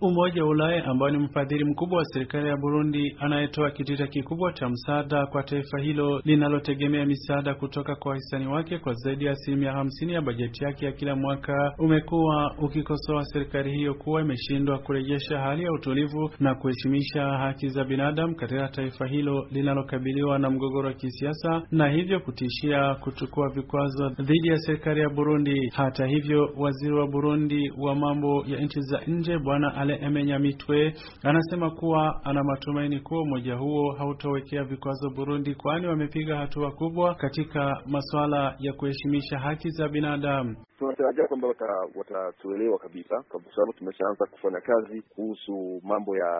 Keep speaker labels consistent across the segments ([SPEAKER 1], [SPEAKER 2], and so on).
[SPEAKER 1] Umoja wa Ulaya ambao ni mfadhili mkubwa wa serikali ya Burundi anayetoa kitita kikubwa cha msaada kwa taifa hilo linalotegemea misaada kutoka kwa wahisani wake kwa zaidi ya asilimia hamsini ya bajeti yake ya kila mwaka umekuwa ukikosoa serikali hiyo kuwa imeshindwa kurejesha hali ya utulivu na kuheshimisha haki za binadamu katika taifa hilo linalokabiliwa na mgogoro wa kisiasa na hivyo kutishia kuchukua vikwazo dhidi ya serikali ya Burundi. Hata hivyo, waziri wa Burundi wa mambo ya nchi za nje Bwana Ale Emenyamitwe anasema kuwa ana matumaini kuwa umoja huo hautowekea vikwazo Burundi, kwani wamepiga hatua kubwa katika masuala ya kuheshimisha haki za binadamu
[SPEAKER 2] tunatarajia kwamba watatuelewa wata kabisa, kwa sababu tumeshaanza kufanya kazi kuhusu mambo ya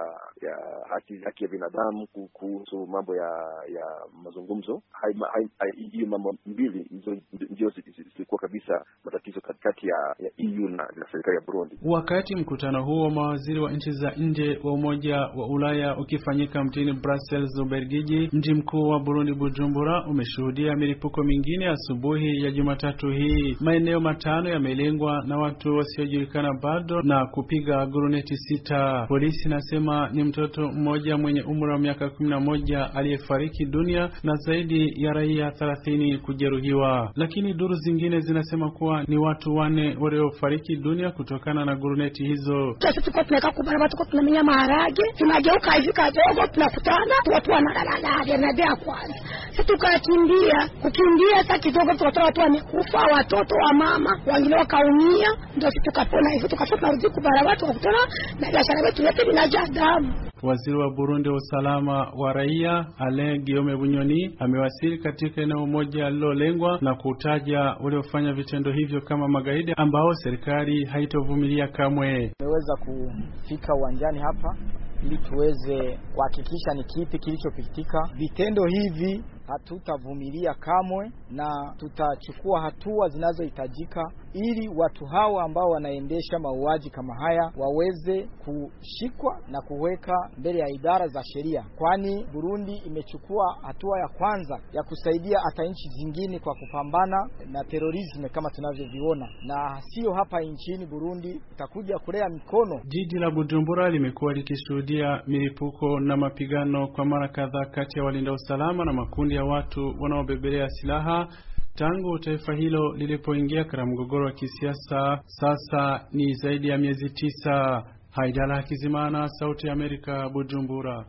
[SPEAKER 2] ya haki haki ya binadamu, kuhusu mambo ya ya mazungumzo. Hiyo mambo mbili ndio zilikuwa kabisa matatizo katikati ya, ya EU na, na serikali ya Burundi.
[SPEAKER 1] Wakati mkutano huo wa mawaziri wa nchi za nje wa Umoja wa Ulaya ukifanyika mjini Brussels, ubergiji mji mkuu wa Burundi Bujumbura, umeshuhudia milipuko mingine asubuhi ya Jumatatu hii maeneo matatu matano yamelengwa na watu wasiojulikana bado na kupiga guruneti sita. Polisi inasema ni mtoto mmoja mwenye umri wa miaka kumi na moja aliyefariki dunia na zaidi ya raia thelathini kujeruhiwa, lakini duru zingine zinasema kuwa ni watu wane waliofariki dunia kutokana na guruneti hizo. Sasa tuko tunakaa
[SPEAKER 3] tuko tunamenya maharage, tunageuka hivi kadogo, tunakutana watu nadea kwanza sisi tukakimbia kukimbia. Sasa kidogo tukatoa watu wamekufa, watoto wa mama wengine wakaumia, ndio sisi tukapona hivyo, tukafika kubara watu tukakutana na biashara yetu yote inajaa damu.
[SPEAKER 1] Waziri wa Burundi wa usalama wa raia Alain Guillaume Bunyoni amewasili katika eneo moja lilolengwa na kutaja waliofanya vitendo hivyo kama magaidi ambao serikali haitovumilia kamwe.
[SPEAKER 3] Tumeweza kufika uwanjani hapa ili tuweze kuhakikisha ni kipi kilichopitika vitendo hivi hatutavumilia kamwe na tutachukua hatua zinazohitajika ili watu hawa ambao wanaendesha mauaji kama haya waweze kushikwa na kuweka mbele ya idara za sheria, kwani Burundi imechukua hatua ya kwanza ya kusaidia hata nchi zingine kwa kupambana na terorisme kama tunavyoviona, na sio hapa nchini Burundi itakuja kulea mikono.
[SPEAKER 1] Jiji la Bujumbura limekuwa likishuhudia milipuko na mapigano kwa mara kadhaa kati ya walinda usalama na makundi ya watu wanaobebelea silaha tangu taifa hilo lilipoingia katika mgogoro wa kisiasa. Sasa ni zaidi ya miezi tisa. Haidala Kizimana, Sauti ya Amerika, Bujumbura.